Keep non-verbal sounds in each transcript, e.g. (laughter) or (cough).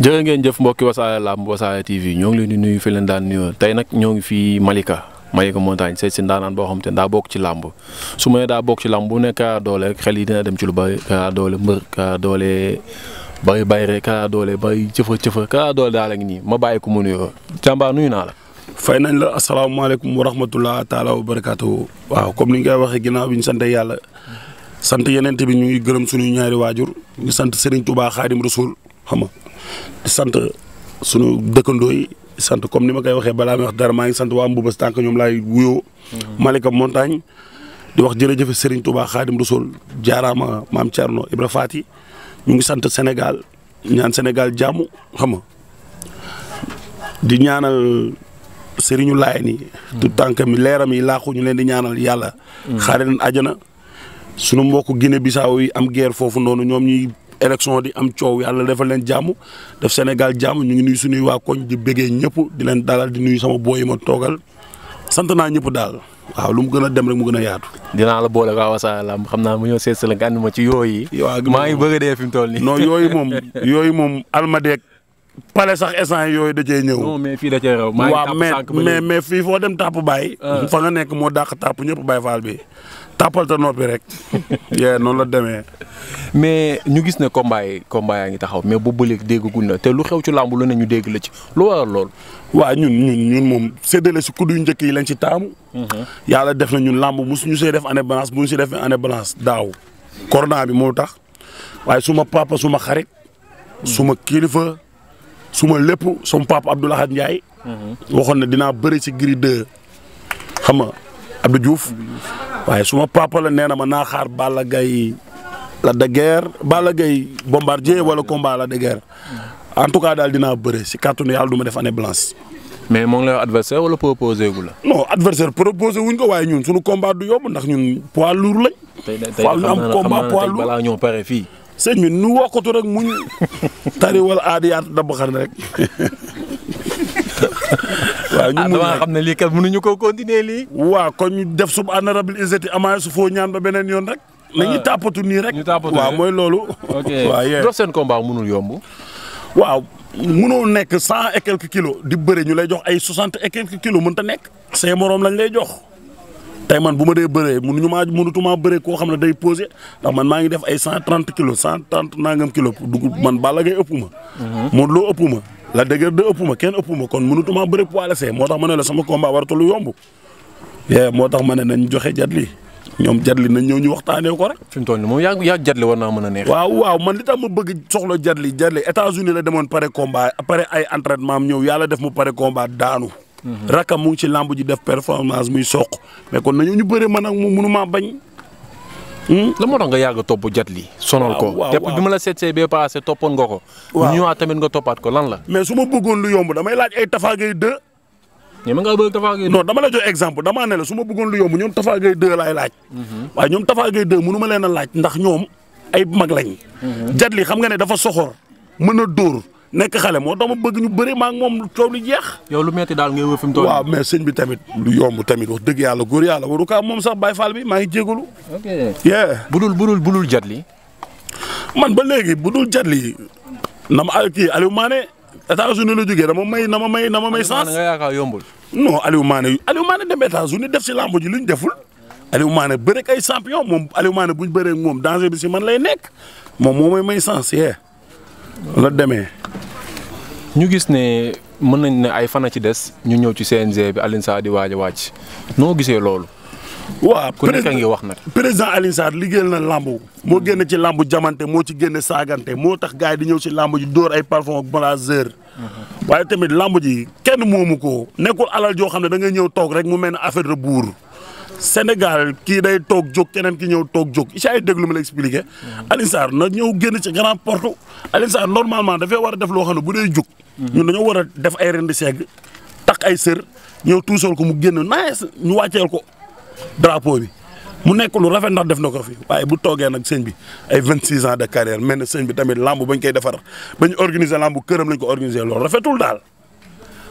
jërë ngeen jëf mbokki wasaare làmb wasaare TV ñoo ngi leen di nuyu fi leen daan nuyoo tey nag ñoo ngi fii Malika Malika Montagne seet si ndaanaan boo xam te daa bokk ci làmb su ma nee daa bokk ci làmb bu nekk Kara Dollé xel yi dina dem ci lu bari Kara Dollé mbër Kara Dollé bari bayre Kara Dollé bari cëfa cëfa Kara Dollé daal ak nii ma bàyyi ko mu nuyoo jàmbaar nuyu naa la. fay nañ la asalaamaaleykum wa rahmatulah taalaa wa barakaatu. waaw comme ni nga koy waxee ginnaaw bi ñu sant yàlla sant yeneen bi ñu ngi gërëm suñu ñaari waajur sant Serigne Touba Khadim Rasoul xam di sant sunu dëkkandoo yi sant comme ni ma koy waxee balaa may wax dara maa ngi sant waa Mboubas tànk ñoom laay wuyoo. Mhm. Malika Montagne di wax jërëjëf Serigne Touba Khadim Rassoul jaaraama maam Thierno Ibra Fati ñu ngi sant Sénégal ñaan Sénégal jàmm xam nga di ñaanal Serigne Laay ni tout mhm. tànk leeram yi laaxu ñu leen di ñaanal yàlla. Mhm. xaare leen àjjana sunu mbokk Guinée Bissau yi am guerre foofu noonu ñoom ñuy élection di am coow yàlla defal leen jàmm def Sénégal jàmm ñu ngi nuyu suñuy waa koñ di bëggee ñëpp di leen dalal di nuyu sama booy ma toogal sant naa ñëpp daal waaw lu mu gën a dem rek mu gën a yaatu. dinaa la boole waa la Lamb xam naa mu ñëw seet si la nga ànd ma ci yooyu. waaw maa ngi bëgg a dee fi mu toll nii. noo yooyu moom yooyu moom almadeeg pale sax instant yooyu da cee ñëw. non mais fii da cee raw. maa mais fii foo dem tàpp bàyyi. Ah. fa nga nekk moo dàq tàpp ñëpp bàyyi faal tàppal ta noppi rek. (laughs) yee noonu la demee. mais ñu gis ne combat yi yaa ngi taxaw mais bu bëleeg déggaguñ la te lu xew ci làmb la ne ñu dégg la ci lu waral lool. waaw ñun ñun ñun moom séddale si kuddu yu njëkk yi lañ ci taamu. Mhm. yàlla def na ñun làmb mosu ñu see def année balance mu ñu si defee année balance daaw. corona bi moo tax waaye suma papa suma xarit. Mhm. suma kilifa suma lépp suma papa Abdou Lahad Ndiaye. Mhm. waxoon na dinaa bëri si Gris 2 xam nga waaye suma papa la nee na ma naa xaar Balla Gaye la de bala Balla Gaye bombardier wala combat la de en tout cas daal dinaa bëre si kàttanu yàlla du ma def année blanche. mais moo ngi lay adversaire wala proposé gu la. non adversaire proposé wuñ ko waaye ñun suñu combat du yomb ndax ñun poids lourd lañ. tey tey am na combat poids lourd balaa ñoo pare fii. sëñ bi nu wokkatu rek muñ (laughs) tari wala aadiyaat rek. (laughs) waaw ñu ah, mun xam ne lii kat mënuñu ko continuer lii. waaw kon ñu def subhaana rabbil izzati amaa su foo ñaan ba beneen yoon rek. Ah. na ñu tàppatu nii rek. ñu tàppatu waaw mooy loolu. ok (laughs) dox seen combat mënul yomb. waaw mënoo nekk cent et quelques kilos di bëre ñu lay jox ay soixante et quelques kilos ta nekk. say morom lañ lay jox. tey man bu ma dee bëree ñu maa mënutuma bëree koo xam ne day posé ndax man maa ngi def ay cent trente kilos cent trente nangam kilos dugub man Balla Gaye ëpp ma. Mhm. Modou loo ëpp ma. la dëgër de ëpp ma kenn ëpp ma kon mënutuma bëri poids laissé moo tax ma ne la sama combat waratu lu yomb moo tax ma ne nañ joxe jatli ñoom jatli nañ ñëw ñu waxtaanee ko fi mu toll nii moom yaa yaa jatli war naa mën a neex. waaw waaw man li tax ma bëgg soxla jatli jatli États-Unis la demoon pare combat pare ay entraînement am ñëw yàlla def mu pare combat daanu. Mhm. rakam mu ngi ci làmb ji def performance muy soq mais kon nañu ñu bëri man ak mu mënuma bañ. la moo tax nga yàgg a topp jat li sonal ko te bi ma la seetsee bee passé toppoon nga ko. waaw ñëwaat tamit nga toppaat ko lan la. mais su ma bëggoon lu yomb damay laaj ay Tafa Gueye 2. mais ma dama la jox exemple damaa su ma bëggoon lu yomb ñoom Tafa Gueye 2 laay laaj. Mhm. waaye ñoom Tafa Gueye 2 mënu ma leen a laaj ndax ñoom ay mag lañ. Mhm. jat xam nga ne dafa soxor mën a dóor nekk xale moo tax ma bëgg ñu bëri ma moom coow lu jeex. yow lu metti daal ngay wër fi waaw mais sëñ bi tamit lu yomb tamit dëgg yàlla góor yàlla waru ko am moom sax Baye faal bi maa ngi jégalu. ok budul budul budul jat li man ba léegi budul jat li na ma kii Aliou Mané États-Unis la jógee may dama may dama may. sens nga yaakaar yombul. non Aliou Mané Aliou Mané dem États-Unis def si lamb ji lu ñu deful Aliou Mané bëreeg ay champion moom Aliou Mané bu ñu bëree moom danger bi si man lay nekk moom moo may may sens yee la demee. ñu gis ne mën nañ ne ay fan a ci des ñu ñëw ci CNG bi Alioune Sarr di waaj wàcc noo gisee loolu. waaw ku nekk ngi wax nag. président Alioune Sarr liggéeyal na làmb moo génn ci làmb jamante moo ci génne saagante moo tax gars di ñëw ci làmb ji dóor ay parfum ak blazer mhm. waaye tamit làmb ji kenn moomu ko nekkul alal joo xam ne da ngay ñëw toog rek mu mel ne affaire de buur. Sénégal kii day toog jóg keneen ki ñëw toog jóg isa ay déglu ma la expliqué. Mhm. Alioune Sarr na ñëw génn ci grand porte Alioune Sarr normalement dafay war a def loo xam ne bu dee jóg. Mhm. ñun dañoo war a def ay rendi seeg takk ay sër ñëw tuusal ko mu génn naaj ñu wàcceel ko drapeau bi. mu nekk lu rafet ndax def na ko fi waaye bu toogee nag sëñ bi ay 26 ans de carrière mel na sëñ bi tamit lamb bañ koy defar bañ organiser lamb këram lañ ko organiser loolu rafetul daal.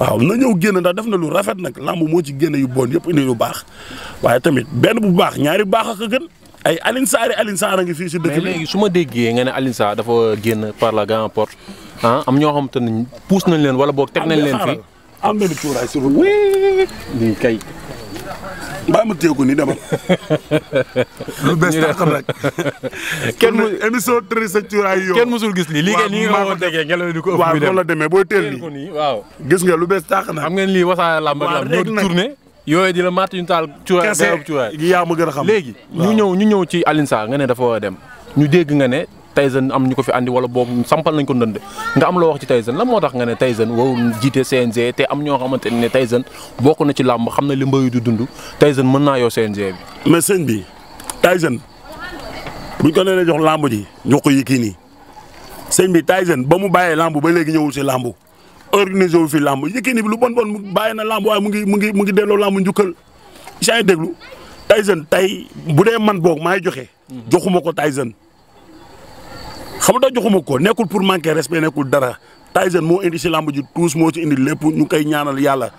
waaw na ñëw génn ndax def na lu rafet nag lamb moo ci génn yu bon yëpp indi lu baax waaye tamit benn bu baax ñaari baax ak a gën ay Alioune Sarr Alioune Sarr a ngi fii si dëkk bi. léegi su ma déggee nga ne Alioune Sarr dafa génn par la grande porte ah am ñoo xam te ne puus nañ leen wala boog teg nañ leen fi am benn cuuraay si lii kay. bàyyi ma téye ko nii demal. (laughs) lu bees tax rek. (laughs) kenn mu émission tëri sa cuuraay yow. kenn musul gis lii lii ngeen nii nga ko déggee ngelaw di ko ëpp. waaw noonu la demee booy teel nii waaw. gis nga lu bees tax na. am ngeen lii Wassare Lamb ak ñoo di tourné. yooyu di la matt ñu taal cuuraay. kese yaa ma gën a xam léegi. ñu ñëw ñu ñëw ci Alioune Sarr nga ne dafa war dem. ñu dégg nga ne Tyson am ñu ko fi andi wala boobu sampal nañ ko ndënd nga am loo wax ci Tyson lan moo tax nga ne Tyson warul jiite CNG te am ñoo xamante ne Tyson bokk na ci làmb xam na li mbër yi du dund Tyson mën naa yoo CNG bi. mais sëñ bi Tyson buñ ko nee jox lamb ji ñoo ko yëkkii nii sëñ bi Tyson ba mu bàyyee làmb ba léegi ñëwul si làmb organisé wu fi lamb Yékini bi lu bon bon mu na làmb waaye mu ngi mu ngi mu ngi delloo làmb njukkal saa ngi déglu Tyson tey bu dee man boog maay joxe. Mm-hmm. joxuma ko Tyson xam nga joxuma ko nekkul pour manquer respect nekkul dara Tyson moo indi si làmb ji tuus moo ci indi lépp ñu koy ñaanal yàlla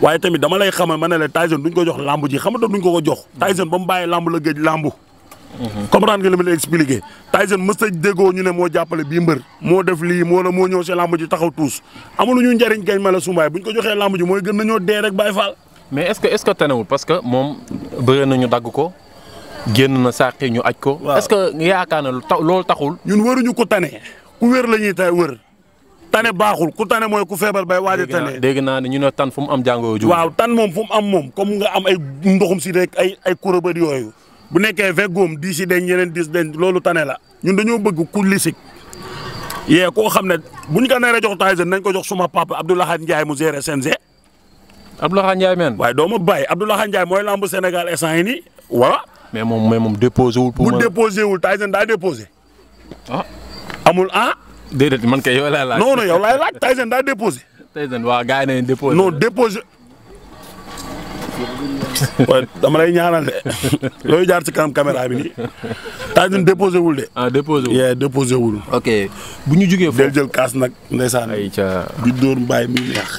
waaye tamit dama lay xamal ma ne la Tyson duñ ko jox làmb ji xam nga duñ ko ko jox. Tyson ba mu bàyyi làmb la géej làmb. comprendre nga li ma lay expliqué Tyson mës a déggoo ñu ne moo jàppale bii mbër moo def lii moo la moo ñëw si làmb ji taxaw tuus amul ñu njëriñ gañ ma la sumbaay buñ ko joxee làmb ji mooy gën nañoo dee rek bàyyi faal. mais est-ce que est-ce que tanewul ko génn na sàqi ñu aj ko. est-ce que yaakaar na loolu taxul. ñun waruñu ko tane ku wér la ñuy tay wër tane baaxul ku tane mooy ku feebar bay waaj a tane. dégg naa ne ñu ne tan fu mu am jàngoro ju. waaw tan moom fu mu am moom comme nga am ay ndoxum si rek ay ay bu nekkee veggoom di si denc yeneen dis de loolu tane la ñun dañoo bëgg ku lisik yee koo xam ne bu ñu ko naree jox Tyson nañ ko jox suma papa Abdoulaye Ndiaye mu géré CNG. Abdoulaye Ndiaye men waaye doo ma bàyyi Abdoulaye Ndiaye mooy lamb Sénégal instant yii nii voilà. mais moom mais moom déposé wul. pour mu déposé wul Tyson daa déposé. ah amul ah. déedéet man kay yow laay laaj. non non yow daa déposé. Tyson waaw gars yi déposé. non déposé. dama lay ñaanal (laughs) jaar ci kanam caméra bi déposé wul de. ah déposé wul bu ñu jugee foofu del jël kaas nag ndeysaan. ay ca di dóor mbaay mi neex.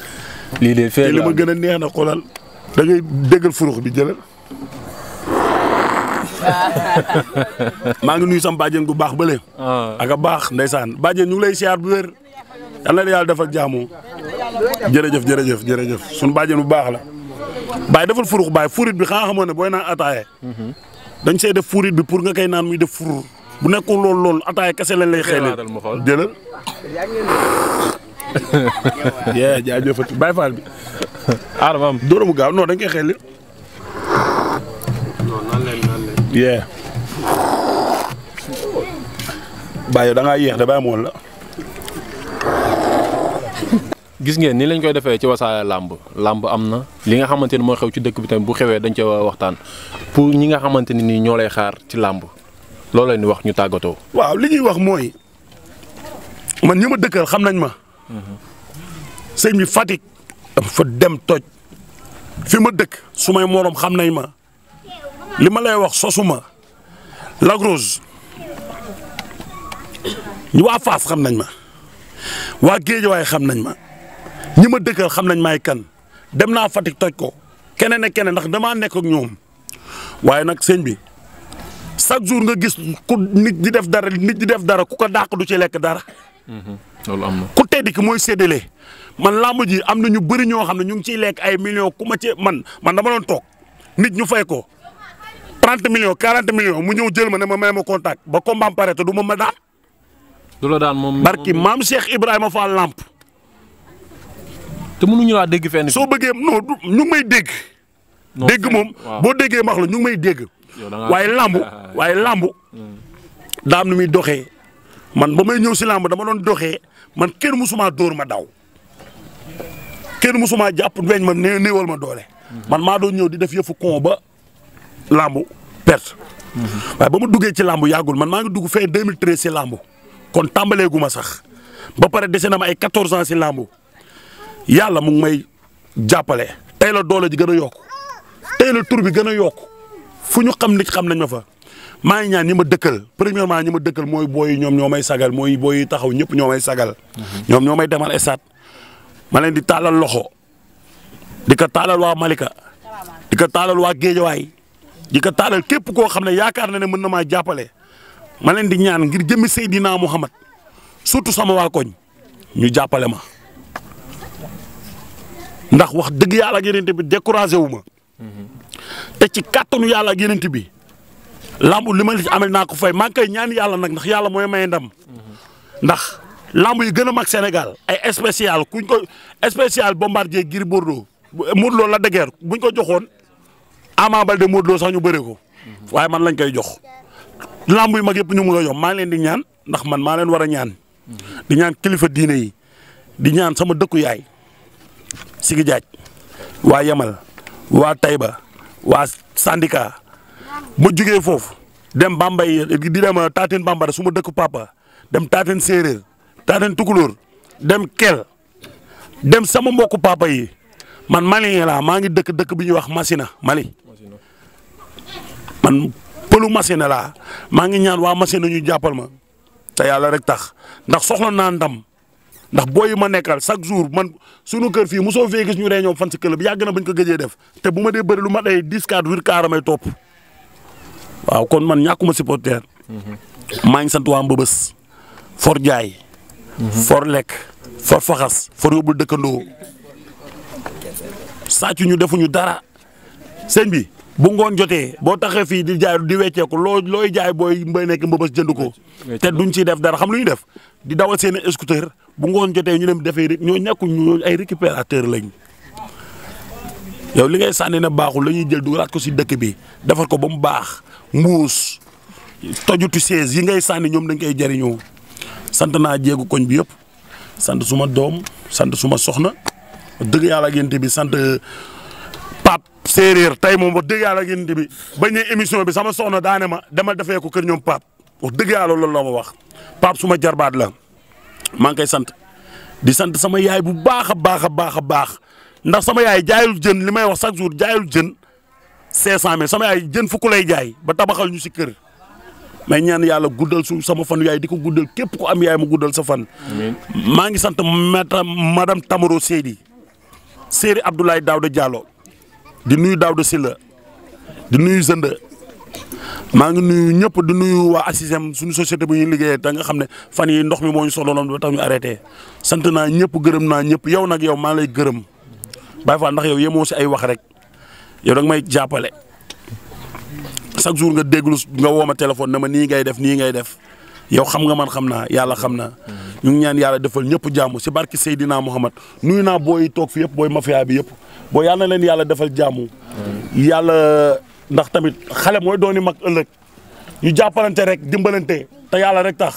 lii de feeñ la li ma gën a neex na xoolal da ngay déggal furux bi jëlal. (laughs) maa ngi nuyu sam bàjjen gu baax bële. Ah. ak a baax ndeysaan bàjjen ñu ngi lay siyaar bu wér. yal na yàlla defal jaamu. jërëjëf jërëjëf jërëjëf sunu bàjjen bu baax la. baay defal furux baay furit bi xanaa xamoon ne booy naa ataaye. Mhm. dañ see def furit bi pour nga koy naan muy def furux. bu nekkul loolu loolu ataaye kese lañ lay xeelee. jëlal. (laughs) jaajëfati baay faal bi. aar ma am dóoramu gaaw non dañ koy xeeli. yee baa yow da ngaa yéex de bàyyi mool la. gis ngeen ni lañ koy defee ci wasaare làmb làmb am na li nga xamante ni moo xew ci dëkk bi tamit bu xewee dañ ca waxtaan pour ñi nga xamante ni nii ñoo lay xaar ci làmb loolu leen wax ñu tàggatoo. waaw li ñuy wax mooy man ñi ma dëkkal xam nañ ma. sëñ bi Fatick. fa dem toj. fi ma dëkk su may morom xam nañ ma. li ma lay wax sosuma Lac Rose ñu waa Fass xam nañ ma waa waaye xam nañ ma ñi ma dëkkal xam nañ maay kan dem naa fatik toj ko keneen ak keneen ndax damaa nekk ñoom waaye nag seen bi chaque jour nga gis ku nit di def dara nit di def dara ku ko dàq du ci lekk dara. Mhm. loolu am ku tedd dikk mooy seddale man làmb ji am na ñu bëri ñoo xam ne ñu ngi ciy lekk ay million ku ma ci man man dama doon toog nit ñu fay ko. 30 millions 40 millions mu ñëw jël ma ne ma may ma contact ba combat am pare du ma ma daan. du la daan moom barki maam Cheikh Ibrahima Fall Lamp. te mënuñu laa dégg fenn. soo bëggee non ñu ngi may dégg. dégg moom boo déggee max la ñu may dégg. waaye lamb (laughs) waaye lamb daam muy doxee man may ñëw si lamb dama doon doxee man kenn musuma dóor ma daw kenn musuma jàpp weñ ma néewal ma doole. man maa doon ñëw di def yëfu kon ba lamb perte. waaye ba ma duggee ci làmb yàggul man maa ngi dugg fee 2013 si làmb kon tàmbaleegu ma sax ba pare dese na ma ay 14 ans si làmb yàlla mu ngi may jàppale. tey la doole ji gën a yokk tey la tur bi gën a yokk fu ñu xam nit xam nañ ma fa maa ngi ñaan ñi ma dëkkal premièrement ñi ma dëkkal mooy booy ñoom ñoo may sagal mooy booy taxaw ñëpp ñoo may sagal. ñoom ñoo may demal esaat ma leen di taalal loxo di ko taalal waa Malika di ko taalal waa Géejawaay di ko taalal képp koo xam ne yaakaar na ne mën na maa jàppale ma leen di ñaan ngir jëmmi Seydina Muhammad surtout sama waa koñ ñu jàppale ma ndax wax dëgg yàlla ak yeneen bi découragé wu ma te ci kàttanu yàlla ak yeneen bi lambu li ma li amel naa ko fay maa ngi ñaan yàlla nag ndax yàlla mooy may ndam ndax lamb yi gën a mag Sénégal ay spécial kuñ ko spécial bombardier Gris Bordeaux Modou Lo la degeer buñ ko joxoon. Ama Baldé Modou Lo sax ñu bëre ko mhm. waaye man lañ koy jox lamb yu mag yëpp ñu mu nga jox maa leen di ñaan ndax man maa leen war a ñaan mhm. di ñaan kilifa diine yi di ñaan sama dëkku yaay Sigi Jaaj waa Yamal waa Tayba waa Sandika ma jugee foofu dem Bambay di dem euh, Taatine Bambara su ma dëkk papa dem Taatine séeréer Taatine tukulóor dem Kel dem sama mbokku papa yi man Mali laa maa ngi dëkk dëkk bi ñuy wax Masina Mali. man pëlu machine maa ngi ñaan waa machine ñu jàppal ma te rek tax ndax soxla naa ndam ndax booy ma nekkal chaque jour man sunu kër fii musoo fee gis ñu réunion fan si club yàgg na bañ ko gëjee def te bu ma dee bëri lu ma day dix quatre huit kaar may topp waaw kon man ñàkkuma supporter mhm. maa ngi sant waa Mbëbës for jaay mhm. for lekk for faxas for yóbbul dëkkandoo sàcc ñu defuñu dara sëñ bi bu ngoon jotee boo taxee fii di jaay di wecceeku loo looy jaay booy mbay nekk mbëbës jënd ko te duñ ciy def dara xam lu ñu def di dawal seen i bu ngoon jotee ñu dem defee ñoo ñàkku ñu ay récupérateur lañ yow li ngay sànni na baaxul la ñuy jël dugalaat ko si dëkk bi defar ko ba mu baax muus tojutu sees yi ngay sànni ñoom dañ koy jëriñoo sant naa jéegu koñ bi yëpp sant suma doom sant suma soxna dëgg yàlla ak bi sant. séeréer tey moom wax dëgg yàlla ngeen di bi émission bi sama soxna daane ma demal defee ko kër ñoom Pape wax dëgg yàlla loolu la ma wax Pape suma jarbaat la maa ngi koy sant di sant sama yaay bu baax a baax a baax a baax ndax sama yaay jaayul jën li may wax chaque jour jaayul jën 500000 sama yaay jën fukk lay jaay ba tabaxal ñu si kër may ñaan yàlla guddal su sama fan yaay di ko guddal képp ko am yaay ma guddal sa fan. maa ngi sant madame Tamaro Seydi Seydi Abdoulaye Daouda Diallo. di nuyu Daouda Sylla di nuyu Zende maa ngi nuyu ñëpp di nuyu waa ASISEM suñu societé bu ñuy liggéeye ta nga xam ne fan yi ndox mi moo ñu soxloon ba tax ñu arrêté sant naa ñëpp gërëm naa ñëpp yow nag yow maa lay gërëm bàyyi fa ndax yow yemoo si ay wax rek yow da may jàppale chaque jour nga déglu nga woo ma téléphone na ma nii ngay def nii ngay def yow xam nga man xam naa yàlla xam naa ñu ñaan yàlla defal ñëpp jàmm si barki Seydina Muhammad nuyu naa booy toog yëpp booy mafia bi yëpp. boo yàlla na leen yàlla defal jàmm yàlla ndax tamit xale mooy dooni mag ëllëg ñu jàppalante rek dimbalante te yàlla rek tax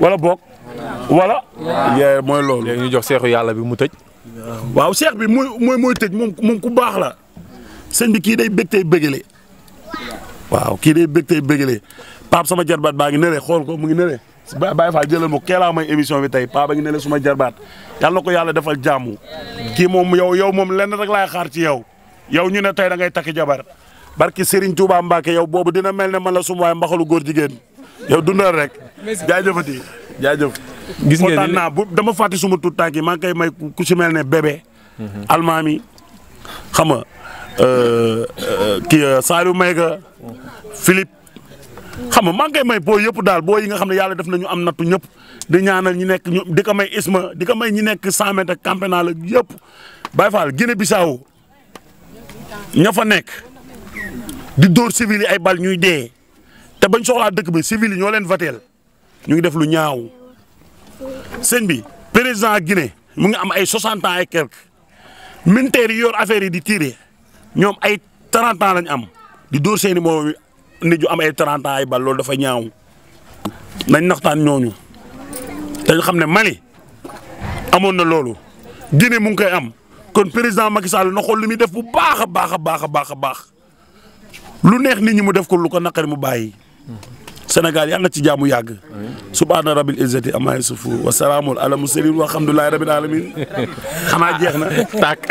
walla boog walla yee mooy loolu léegi ñu jox seexu yàlla bi mu tëj waaw seex bi muy muy mooy tëj moom ku baax la sëñ bi kii day bég tey bégale waaw kii day bég tey bégale Pape sama jarbaat baa ngi nele xool ko mu ngi nele Baye Fall jëlal ma keelaa may émission bi tey paa ba ngi ne la suma jarbaat yàlla na ko yàlla defal jàmm kii moom yow yow moom lenn rek laay xaar ci yow yow ñu ne tey da ngay takki jabar barki Serigne Touba Mbacke yow boobu dina mel ne man la suma waaye mbaxalu góor jigéen yow dundal rek jaajëfati jaajëf gis ngeen kontaan naa bu dama fàtte suma tuut tànk yi maa ngi koy may ku si mel ne bébé mhm. almaami xam nga euh, euh, kii Saliou Mayga mhm. Philippe xam nga maa may boo yëpp daal boo yi nga xam ne yàlla def nañu am nattu ñëpp di ñaana ñi nekk ñu di ko may Isma di ko may ñi nekk 100 mètres ak campénal la yëpp Baye Fall Guinée Bissau ña fa nekk di door civil yi ay bal ñuy dee te bañ soxlaa dëkk bi civil yi ñoo leen vateel ñu ngi def lu ñaaw sëñ bi président Guinée mu ngi am ay 60 an et quelques militaires yi yor affaire yi di tiire ñoom ay 30 ans lañ am di dóor seeni moom nit ju am ay 30 ay bal loolu dafa ñaaw nañ naxtaan ñooñu dañ xam ne Mali amoon na loolu Guinée mu ngi koy am kon président Macky Sall na xool lu muy def bu baax a baax a baax a baax a baax lu neex nit ñi mu def ko lu ko naqari mu bàyyi. Sénégal yàlla na ci jaamu yàgg subhaana rabbil izzati amma yasifu wa salaamul ala mursalin walhamdulillahi rabbil alamin xanaa jeex na tàkk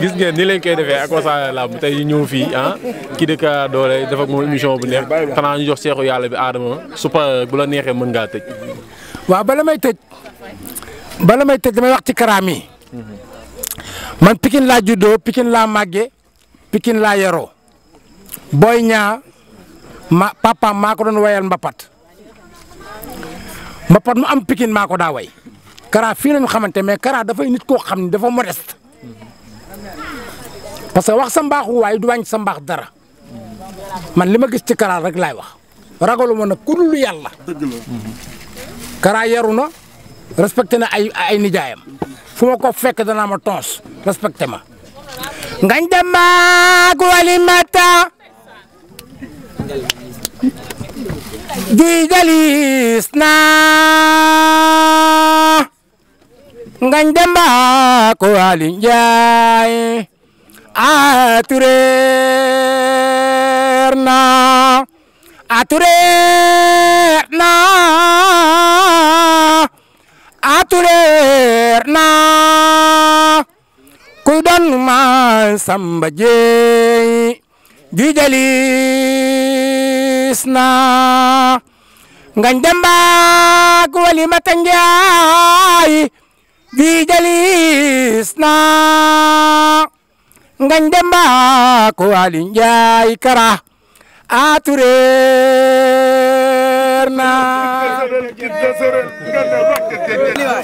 gis ngeen ni lañ koy defee ak Wassare Lamb tey ñëw fii ah kii dëkk doole def ak moom émission bu neex xanaa ñu jox seexu yàlla bi aadama su pa bu la neexee mën ngaa tëj waaw bala may tëj bala may tëj damay wax ci karaam yi man Pikine laa juddoo Pikine laa màggee Pikine laa ma papaam maa ko doon wayal mbapat mbapat mu am pikin maa ko daa way karaa fii lañu xamante mais Kara dafay nit koo xam ne dafa modeste parce que wax sa mbaaxu waay du wàññi sa mbaax dara man li ma gis ci Kara rek laay wax ragalu ma nag ku dul yàlla. Kara yaru na respecté na ay ay nijaayam fu ma ko fekk danaa ma tons respecté ma. ngañ dem maag di jalis naa ngañ demba ko Ali a tureer naa a tureer naa a tureer naa kuy doon ma Samba Jeey di jalis isna ngañ demba ku walima tangiay bi jalisna ngañ demba ku walin jaay kara atureer na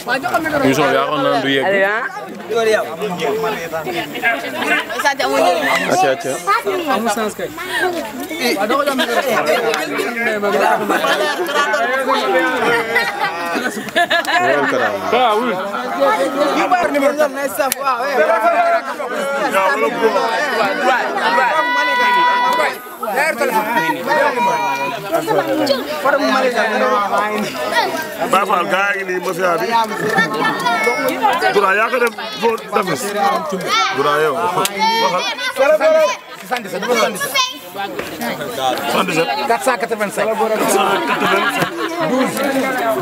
Youssou yaakaar naa du yegg. acca acca. waaw wul. waaw. Baay Faal gaa ngi nii mafia bi. Dura yaa ko def foo defes. Dura yow waxal. 77 77. 485. 12.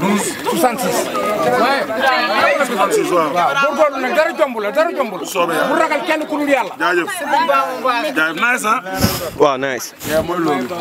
12 66. waaw góorgóorlu nag dara jomb la dara jomb la. soobee yàlla bu ragal kenn ku dul yàlla. jaajëf jaajëf nice ah. waaw nice. mooy loolu.